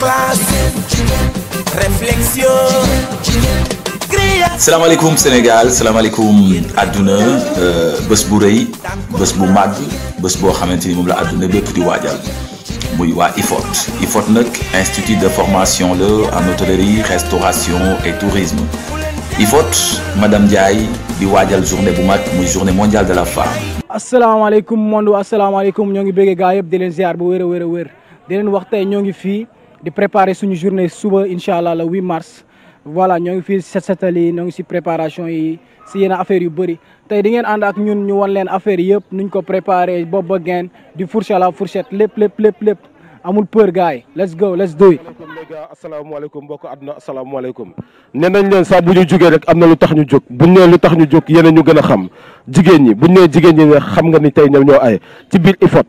passe réflexion salaamaaleykum Sénégal salaamaaleykum àdduna euh, bës bu rëy bës bu màgg bës boo xamante ni moom la aduna bépp di waajal muy waa IFHOT IFHOT nag institut de formation la en hôtellerie restauration et tourisme IFHOT madame Ndiaye di waajal journée bu mag muy journée mondiale de la femme. asalaamaaleykum monde asalaamaaleykum ñoo ngi bëggee gaa yëpp di leen ziar bu wér a wér a wér di leen wax tey ñoo ngi fii. di préparer suñu journée suba incha allah la 8 mars voilà ñoo ngi fii set yi ñoo ngi si préparation yi si yenn affaire yu bëri tey di ngeen ànd ak ñun ñu wan leen affaire yëpp nu nuñ ko préparer bopp ba geen di fourche à la fourchette lépp lépp lépp lépp amul peur gaay let's go let's do it. asalaamaaleykum mbokk àdduna asalaamaaleykum nee nañ leen sax bu ñu jógee rek am na lu tax ñu jóg bu nee lu tax ñu jóg yéen ñu gën a xam jigéen ñi bu nee jigéen ñi nga xam nga ni tey ñoom ñoo ay ci biir fot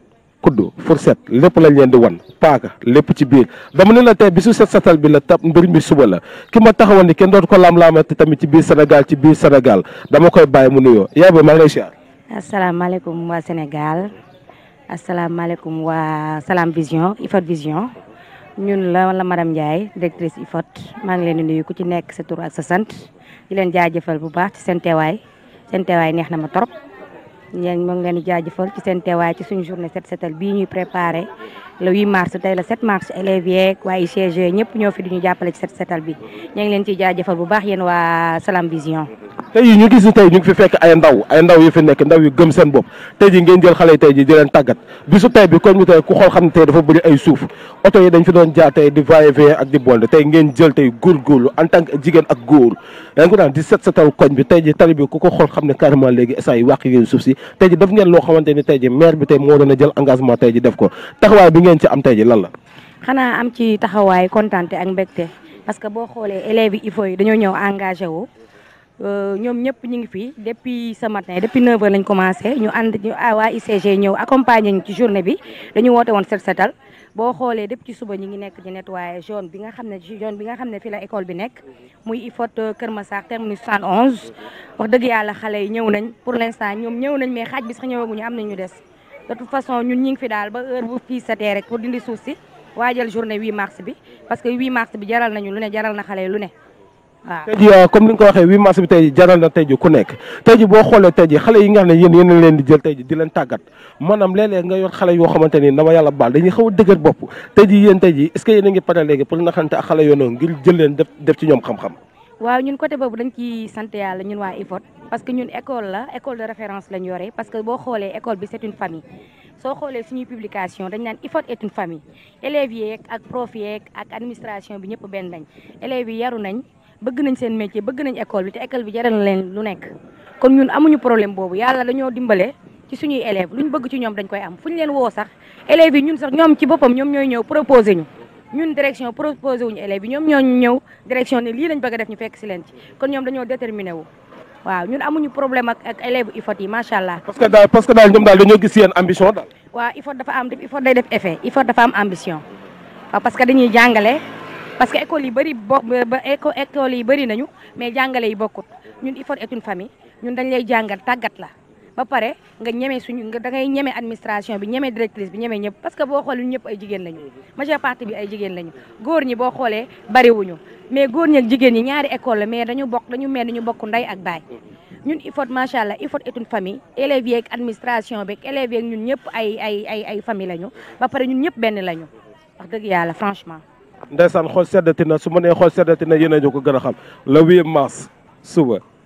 kuddu fourchette lépp lañ leen di wan paaka lépp ci biir dama ne la tey bisu set setal bi la tab mbir mi suba la ki ma taxawal ni kenn dootu ko laam-laamati tamit ci biir Sénégal ci biir Sénégal dama koy bàyyi mu nuyoo yaay ba maa ngi lay siyaar. asalaamaaleykum waa Sénégal asalaamaaleykum waa Salam Vision Ifot Vision ñun la la madame Ndiaye directrice Ifot maa ngi leen di nuyu ku ci nekk sa tur ak sa sant di leen jaajëfal bu baax ci seen teewaay seen teewaay neex na ma yéen ma ngi leen jaajëfal ci seen teewaay ci suñu journée set setal bii ñuy préparé le 8 mars tey la 7 mars élèves yeeg waa UCG ñëpp ñoo fi duñu ñu ngi tey yi ñu gis ni tey ay ndaw ay yu fi nekk ndaw yu gëm seen bopp tey ji ngeen jël xale tey ji di leen tàggat bisu tey bi ne tey dafa bëri ay doon jaar tey di jël tey góor yaa ngi naan di set setal koñ bi tey ji tali bi ku ko xool xam ne carrément léegi saa yi wàq ngeen suuf si tey ji daf ngeen loo xamante ni tey ji maire bi tey moo doon a jël engagement tey ji def ko taxawaay bi ngeen ci am tey ji xanaa am ci taxawaay kontaan ak mbégte parce que boo xoolee élèves yi il faut dañoo ñëw engagé wu euh, ñoom ñëpp ñu ngi fi depuis ce matin depuis 9h lañ commencé ñu ànd ñu ah, waa ICG ñëw accompagner ñu ci journée bi dañu woote woon set setal boo xoolee depuis ci suba ñu nekk ci nettoyé zone bi nga xam ne zone bi nga xam ne fii la école bi nekk muy IFOT Kër Massar terminus 111 wax dëgg yàlla xale ñëw nañ pour l'instant ñoom ñëw nañ mais xaaj bi de toute façon ñun ñi ngi fi daal ba heure bu fii satee rek pour dindi suuf si waajal journée 8 mars bi parce que 8 mars bi jaral nañu lu ne jaral na xale yi lu ne waaw tey jii euh, comme ni nga waxee 8 mars bi tey jii jaral na tey jii ku nekk tey boo xoolee tey jii xale yi nga xam ne yéen yéen leen di jël tey jii di leen tàggat maanaam léeg nga yor xale yoo xamante ni dama yàlla baal dañuy xaw a dëgër bopp tey jii yéen tey jii est-ce a ngi pare léegi pour naxante ak xale yoo noonu waaw ñun côté boobu dañ ciy sant yàlla ñun waa IFHOT parce que ñun école la école de référence lañ yore parce que boo xoolee école bi c'est une famille soo xoolee suñuy publication dañ naan IFHOT est une famille élèves yeeg ak ak administration bi ñëpp benn lañ élèves yi yaru nañ bëgg nañ seen métier bëgg nañ école bi te école bi jaral na leen lu nekk kon ñun amuñu problème boobu yàlla dañoo dimbale ci suñuy élèves luñ bëgg ci ñoom dañ koy am fu ñu leen woo sax élèves yi ñun sax ñoom ci boppam ñoom ñooy ñëw proposé ñu ñun direction proposé wuñu élèves ñoom ñoo ñëw direction ne lii lañ bëgg a def ñu fekk si leen ci kon ñoom dañoo déterminé wu waaw ñun amuñu problème ak ak élèves IFOT yi macha allah. parce que daal que daal ñoom daal dañoo gis seen ambition daal. waaw IFOT dafa am IFOT day def effet IFOT dafa am ambition parce que dañuy jàngale parce que école yi bëri bo ba école yi bëri nañu mais jàngale yi bokkut ñun IFOT est une famille ñun dañ lay jàngal tàggat la. ba pare nga ñeme suñu nga da ñeme administration bi ñeme directrice bi ñeme ñëpp parce que boo xoolee ñun ñëpp ay jigéen lañu majeure partie bi ay jigéen lañu góor ñi boo xoolee bariwuñu mais góor ñi ak jigéen ñi ñaari école mais dañu bokk dañu mel ñu bokk ak baay ñun IFHOT macha allah IFHOT est une famille élèves yeeg ñëpp ay ay ay ay famille lañu ba pare ñun ñëpp benn lañu wax dëgg yàlla franchement. ndeysaan xool seddati na su ma xool seddati na yéen a ko gën a xam le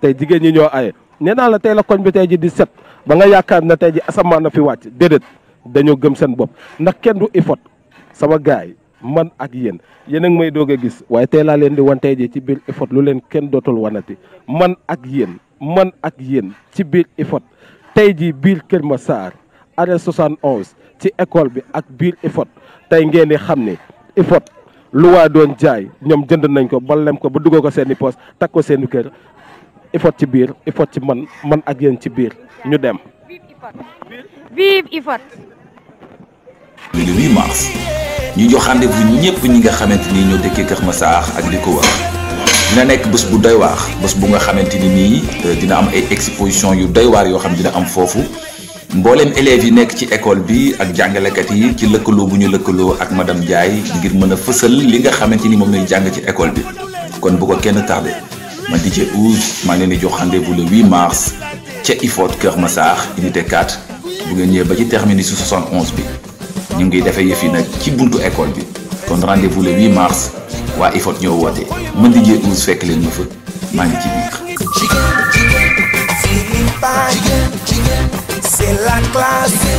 8 jigéen ñi ñoo ay nee naa la tey la koñ bi tey ji di set ba nga yaakaar ne tey ji asamaan na fi wàcc déedéet dañoo gëm seen bopp ndax kenn du ifot sama gaay man ak yéen yéen a ngi may doog a gis waaye tey laa leen di wan tey ji ci biir ifot lu leen kenn dootul wanati man ak yéen man ak yéen ci biir ifot tey ji biir Kër Massar arrêt 71 ci école bi ak biir ifot tey ngeen di xam ne ifot lu waa doon jaay ñoom jënd nañ ko ba lem ko ba duggoo ko seen i poos takk ko seeni i kër ifot ci biir ifot ci man man ak yéen ci biir ñu dem. vive ifot. le mars ñu jox rendez-vous ñi nga xamante ni ñoo dëkkee Kër saax ak di ko wax. dina nekk bés bu doy waax bés bu nga xamante ni nii euh, dina am ay exposition yu doy waar yoo xam dina am foofu mbooleem élèves yi nekk ci école bi ak jàngalekat yi ci lëkkaloo bu ñu lëkkaloo ak madame Ndiaye ngir mën a fësal li nga xamante ni moom lay jàng ci école bi kon bu ko kenn tardé. ma DJ Ouz maa ngi leen di jox rendez-vous le mars ca IFOT Kër Massar unité 4 bu ngeen ñëwee ba ci terminus 71 bi ñu ngi defee yëf yi nag ci buntu école bi kon rendez-vous le mars waa IFOT ñoo woote man DJ Ouz fekk leen ma fa maa ngi ci biir. c'est la classe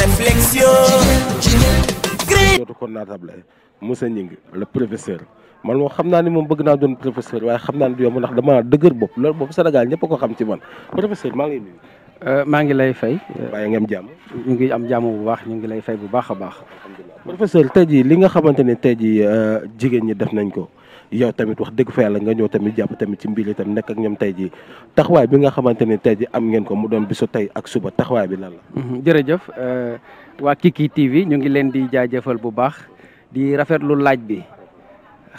réflexion. la ko professeur. man moom xam naa ni moom bëgg naa doon professeur waaye xam naa ni du yomb ndax dama dëgër bopp loolu moom Sénégal ñëpp ko xam ci man professeur maa ngi lay nuyu. Euh, maa ngi lay fay. waaye nga am jàmm. ñu ngi am jàmm bu baax ñu ngi lay fay bu baax a baax. alhamdulilah professeur tey jii li nga xamante ne tey jii euh, jigéen ñi def nañ ko yow tamit wax dëgg fa yàlla nga ñëw tamit jàpp tamit ci mbir yi nekkak ñoom tey jii taxawaay bi nga xamante ne tey jii am ngeen ko mu doon bisu tey ak suba taxawaay bi lan la. Mhm, jërëjëf euh, waa Kiki TV ñu ngi leen di jaajëfal bu baax di rafetlu laaj bi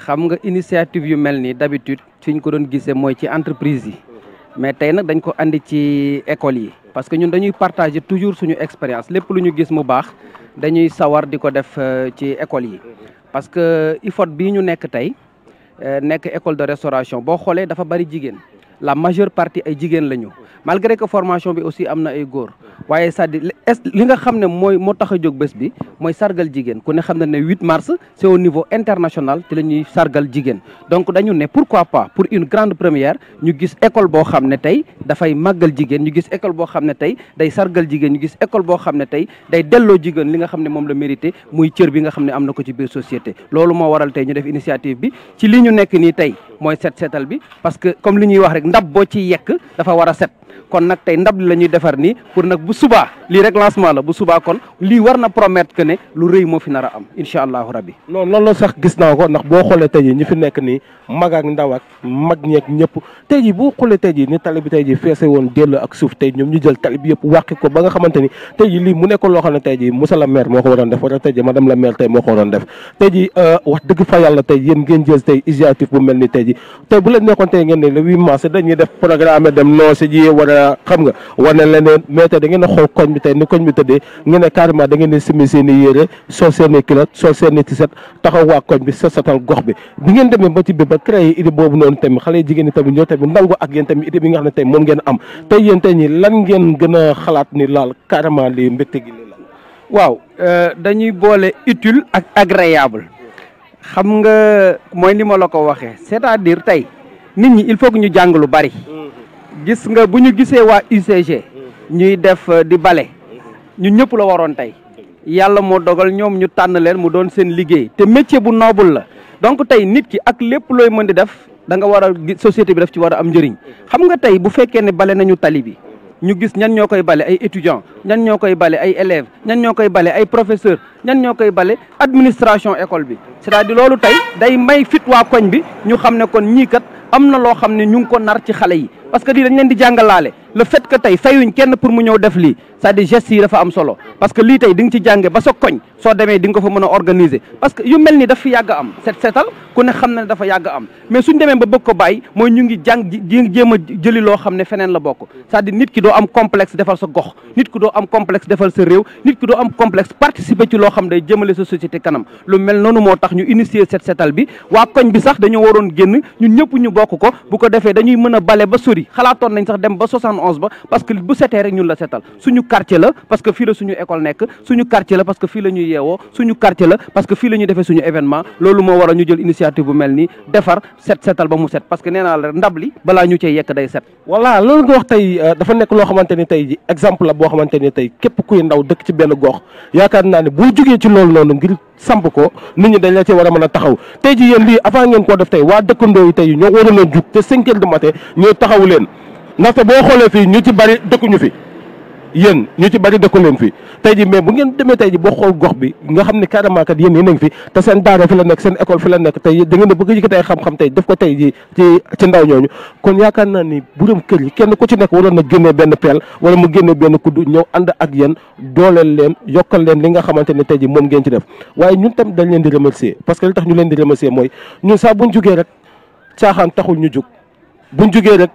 xam nga initiative yu mel nii d'habitude fiñ ko doon gisee mooy ci entreprise yi mais tey nag dañ ko indi ci école yi parce que ñun dañuy partager toujours suñu expérience lépp lu ñu gis mu baax dañuy sawar di ko def euh, ci école yi parce que euh, IFHOT bii ñu nekk tey euh, nekk école de restauration boo xoolee dafa bari jigéen la majeure partie ay jigéen la ñu malgré que formation bi aussi am na ay góor waaye c'est-à-dire li nga xam ne mooy moo tax a jóg bés bi mooy sargal jigéen ku ne xam ne ne 8 mars c'est au niveau international ci la sargal jigéen donc dañu ne pourquoi pas pour une grande première ñu gis école boo xam ne tey dafay màggal jigéen ñu gis école boo xam ne tey day sargal jigéen ñu gis école boo xam ne tey day delloo jigéen li nga xam ne moom la mérité muy cër bi nga xam ne am na ko ci biir société loolu moo waral tey ñu def initiative bi ci li ñu nekk nii tey mooy set setal bi parce que comme li ñuy wax rek ndab boo ci yekk dafa war a set kon nag tey ndab la ñuy defar nii bu subaa lii rek lancement la bu subaa kon lii war na promettre que ne lu rëy moo fi nar a am incha allahu rabbi non loolu sax gis naa ko ndax boo xoolee tey ñi fi nekk nii mag ndaw ak mag ñeeg ñëpp tey jii xoolee tey jii ni tali la maire tey moo ko waroon def tey jii euh, wax dëgg fa yàlla tey yéen ngeen jël tey initiative bu mel ni tey jii tey bu leen nekkoon tey ngeen ne le 8 dañuy def programme dem noo si ji wala xam nga wane leneen mais tey ngeen a xool koñ bi tey ni koñ bi tëddee ngeen ne carrément da ngeen yére sol seen i culotte sol seen taxaw waa koñ bi sa satal gox bi bi ngeen demee ba ci biir ba créé idée boobu noonu tamit xale jigéen ñi tamit ñoo tamit nangu ak yéen tamit idée bi ngeen am tey yéen ñi lan ngeen gën a xalaat ni laal carrément lii mbégte gi lii la waaw euh, dañuy boole utile ak agréable xam nga mooy ni ma la ko waxee c'est-à-dire tey nit ñi il faut ñu jàng lu bari mm-hmm. gis nga bu ñuy def euh, di bale mhm. ñu ñëpp la waroon tey yàlla moo dogal ñoom ñu tànn leen mu doon seen liggéey te métier bu noble la donc tey nit ki ak lépp looy mën di def da nga war a société bi daf ci war a am njëriñ mhm. xam nga tey bu fekkee ne bale nañu tali bi mhm. ñu gis ñan ñoo koy bale ay étudiants ñan ñoo koy bale ay élèves ñan ñoo koy bale ay professeurs ñan ñoo koy bale administration école bi cest di loolu tey day may fit waa koñ bi ñu xam ne kon ñiikat am na loo xam ne ñu ngi ko nar ci xale yi parce que lii dañ leen a organiser parce sa gox nit ki doo am participer ci loo xam day jëmale sa société kanam lu mel noonu moo tax ñu initier set setal bi waa koñ bi sax dañoo waroon génn ñun ñëpp ñu bokk ko bu ko defee dañuy mën a bale ba sori bëri xalaatoon nañ sax dem ba 71 ba parce que bu setee rek ñun la setal suñu quartier la parce que fii la suñu école nekk suñu quartier la parce que fii la ñuy yeewoo suñu quartier la parce que fii la ñuy defee suñu événement loolu moo waral ñu jël initiative bu mel nii defar set setal ba mu set parce que nee la ndab li balaa ñu cee yekk day set voilà loolu nga tey euh, dafa nekk loo xamante ni tey ji exemple la boo xamante ni tey képp kuy ndaw dëkk ci benn gox yaakaar naa ne boo jógee ci loo noonu ngir samp ko nit ñi dañ la ci war a mën a taxaw tey ji yéen lii avant ngeen koo def tey waa dëkkandoo yi tey ñoo waroon a jug te cinq heures du matin ñoo taxaw leen ndaxte boo xoolee fii ñu ci bari dëkkuñu fi yéen ñu ci bari de dëkku leen fi tey ji mais bu ngeen demee tey ji boo xool gox bi nga xam ne carrément kat yéen yéen a ngi fi te seen daara fi la nekk seen école fi la nekk tey da ngeen a ay xam-xam tey def ko tey ji ci ci kon yaakaar naa ni buram kër yi kenn ku ci nekk waroon na génnee benn peel wala mu génnee benn kudd ñëw ànd ak yéen dooleel leen yokkal leen li nga xamante ne tey ji moom ngeen ci def waaye ñun tam dañ leen di remercier parce que li tax ñu leen di remercier mooy ñun saa buñ jugee rek saaxaan taxul ñu jug buñ jugee rek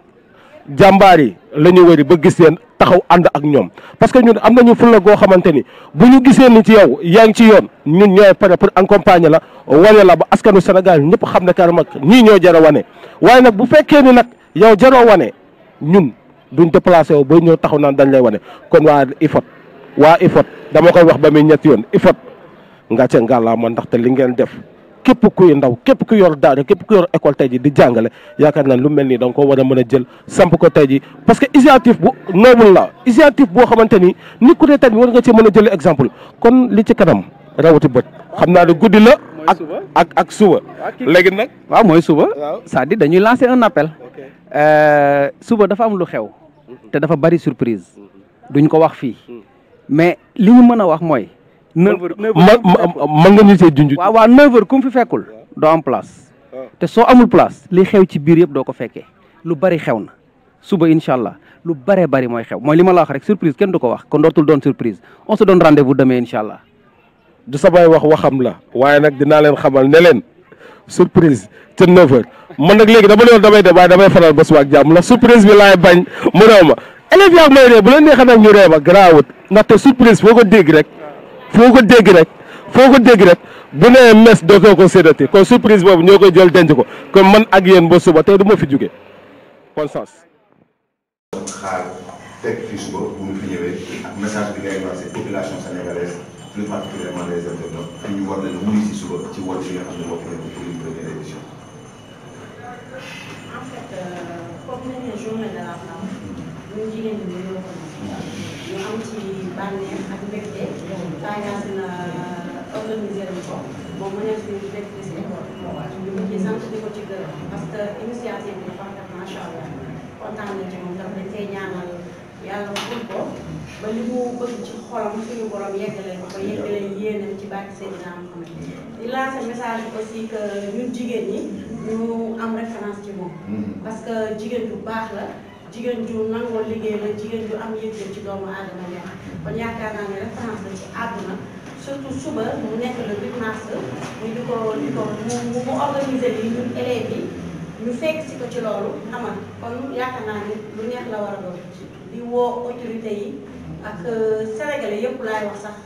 jàmbaar yi la ñu wëri ba gis leen taxaw ànd ak ñoom parce que ñun am nañu fulla goo xamante ni bu ñu gisee ni ci yow yaa ngi ci yoon ñun ñooy pare pour accompagner la wane la ba askanu Sénégal ñëpp xam ne kar ñii ñoo jar wane waaye nag bu fekkee ni nag yow jaroo wane ñun duñ déplacé wu ba ñëw taxaw naan dañ lay wane kon waa IFOT waa IFOT dama koy wax ba muy ñetti yoon IFOT nga ca ngàllaa ma ndaxte li ngeen def képp kuy ndaw képp ku yor daara képp ku yor école tey ji di jàngale yaakaar naa lu mel nii da nga ko war a mën a jël samp ko tey ji parce que initiative bu noble la initiative boo xamante ni nit ku ne tey war nga ci mën a jël exemple kon li ci kanam rawati bët xam naa ne guddi la ak ak ak suba ah, léegi nag waaw mooy suba c'est-à-dire dañuy lancer un appel euh, suba dafa am lu xew mm-hmm. te dafa bari surprise mm-hmm. duñ ko wax fii mm. mais li ñu mën a wax mooy neuf mën nga ñu see junj. waaw waaw neuf heures ku mu fi fekkul doo am place. Ah. te soo amul place li xew ci biir yëpp doo ko fekkee lu bari xew na suba incha allah lu baree bari mooy xew mooy li ma la wax rek surprise kenn du ko wax kon dootul doon surprise on se donne rendez-vous demain incha allah. du samay wax waxam la waaye nag dinaa leen xamal ne leen surprise ca 9h man nag léegi dama ne woon damay dem waaye damay faral ba suba ak jàmm ndax surprise bi laay bañ mu réew ma élèves yaa may ree bu ma garaawut ndaxte surprise foo ko dégg rek. foo ko dégg rek foo ko dégg rek bu nee mes dootoo ko séddati kon surprise boobu ñoo koy jël denc ko kon man ak yéen ba suba tey du ma fi jóge te ñu war leen ñu am ci bànneex ak mbégte Tagaas na organisé nañ ko moom mu nekk suñu directrice école ñu ngi ci sant di ko ci gërëm parce que initiative bi dafa allah kontaan na ci moom tam dañ koy ñaanal yàlla bëgg ko ba li mu bëgg ci xolam suñu borom yeggale ko ba yeggale yéenam ci bàcc seen i naam xam di lancer message aussi que ñun jigéen ñi ñu am référence ci moom. parce que jigéen bu baax la. jigéen ju nangoo liggéey la jigéen ju am yëg ci doomu aadama la kon yaakaar naa ne référence la ci àdduna surtout suba mu nekk le 8 mars ñu di ko mu mu organiser lii ñun élèves yi fekk si ko ci loolu amal kon yaakaar naa ne lu neex la war a doon di woo autorité yi ak euh, sénégalais yëpp laay wax sax.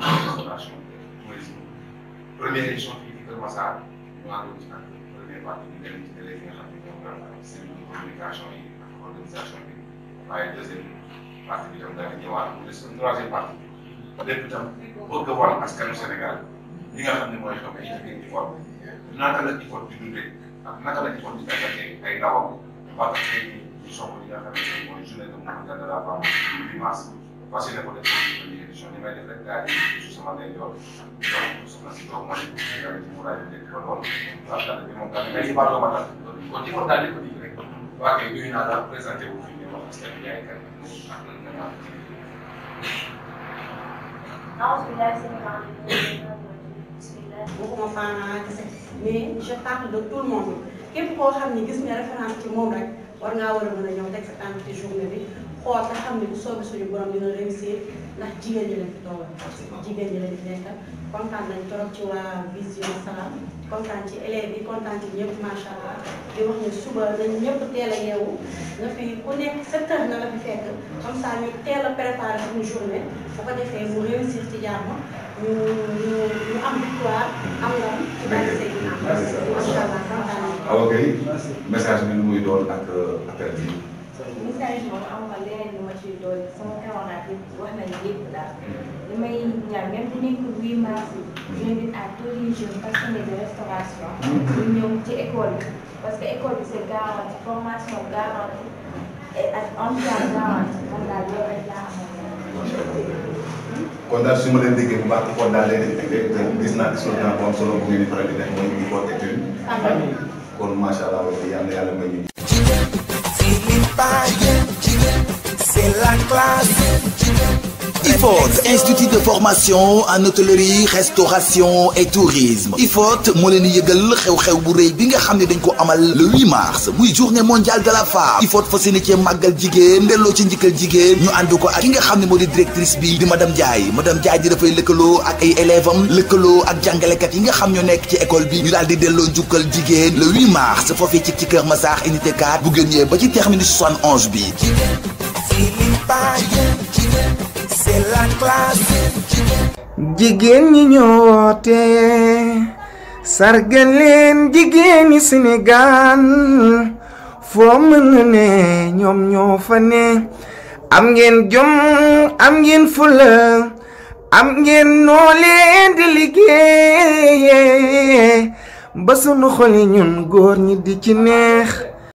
Ah. première édition fii di Kër Massar ñu àndoon ci ak département bi ñu demee ci télé yi nga xam ne ñoom ñoo am service communication yi ak organisation bi waaye deuxième partie bi tam dana ñëwaat mu des une troisième partie bi lépp itam bëgg a wan askanu Sénégal li nga xam ne mooy xew ay jigéen di forme naka la ci fot di dundee ak naka la ci fot di tàggatee ay ndawam ba tax tey ñu soxla li nga xam ne mooy journée de mouvement de la femme du 8 mars Μας είναι πολύ περισσότερο με τη φρεγκάρη, ίσως άμα δεν διόρθω, στον αντικό μας που πήγαμε τη μουρά και κρονών, αυτά δεν πήγαν κάτι, έχει παρόμονα. Ο τίποτα λίγο τη γρήγορα. Βάκε δύο είναι αλλά πρέζα και που φύγει μόνο στα παιδιά έκανε. أعوذ بالله السميع العليم بسم الله waxuma Fana kese mais je parle de tout le monde képp koo xam ni gis nga référence ci moom rek war ngaa war a mën a ñëw teg sa tànk ci journée bi xool nga xam ne bu soobee suñu borom dina réussir ndax jigéen ñi lañ fi toogal jigéen ñi lañ fi nekkal kontaan nañ trop ci waa vision salam kontaan ci élèves yi kontaan ci ñëpp macha allah di wax ne suba nañ ñëpp teel a yeewu nga fi ku nekk sept heures na la fi fekk comme ça ñu teel a préparé suñu journée bu ko defee mu réussir ci jàmm ñu ñu ñu am victoire am ndam ci bàyyi seen i macha allah kontaan nañ. ok message bi nu muy doon ak euh, appel bi. message boobu loolu sama camarade yëpp wax nañu lépp daal li may ñaan même bu nekkul 8 mars bi j'invite à tous les jeunes passionnés de restauration ñu ñëw ci école bi parce que école bi c'est garanti formation garantie et ak emploi garanti man daal loolu rek laa amoon kon daal su ma leen déggee bu baax kon daal léegi gis naa slogan bu am solo bu ngeen di faral di def mooy ñu porté kon macha allah yàlla yàlla may ñu. la classe. IFOT institut de formation en hôtellerie restauration et tourisme IFOT moo leen yëgal xew-xew bu rëy bi nga xam ne dañ ko amal le 8 mars muy journée mondiale de la femme IFOT fas yéene cee màggal jigéen delloo ci njëkkal jigéen ñu ànd ko ak ki nga xam ne moo di directrice bi di madame Ndiaye madame Ndiaye di dafay lëkkaloo ak ay élèves lëkkaloo ak jàngalekat yi nga xam ñoo nekk ci école bi ñu daal di delloo njukkal jigéen le 8 mars foofee ci ci Kër Massar unité 4 bu génnee ba ci terminus 71 bi. jigéen ñi ñoo woote sargal leen jigéen foo mën ne ñoom ñoo fa ne am ngeen jom am ngeen fula am ngeen noo leen di liggéey ba sunu xol ñun góor ñi di ci neex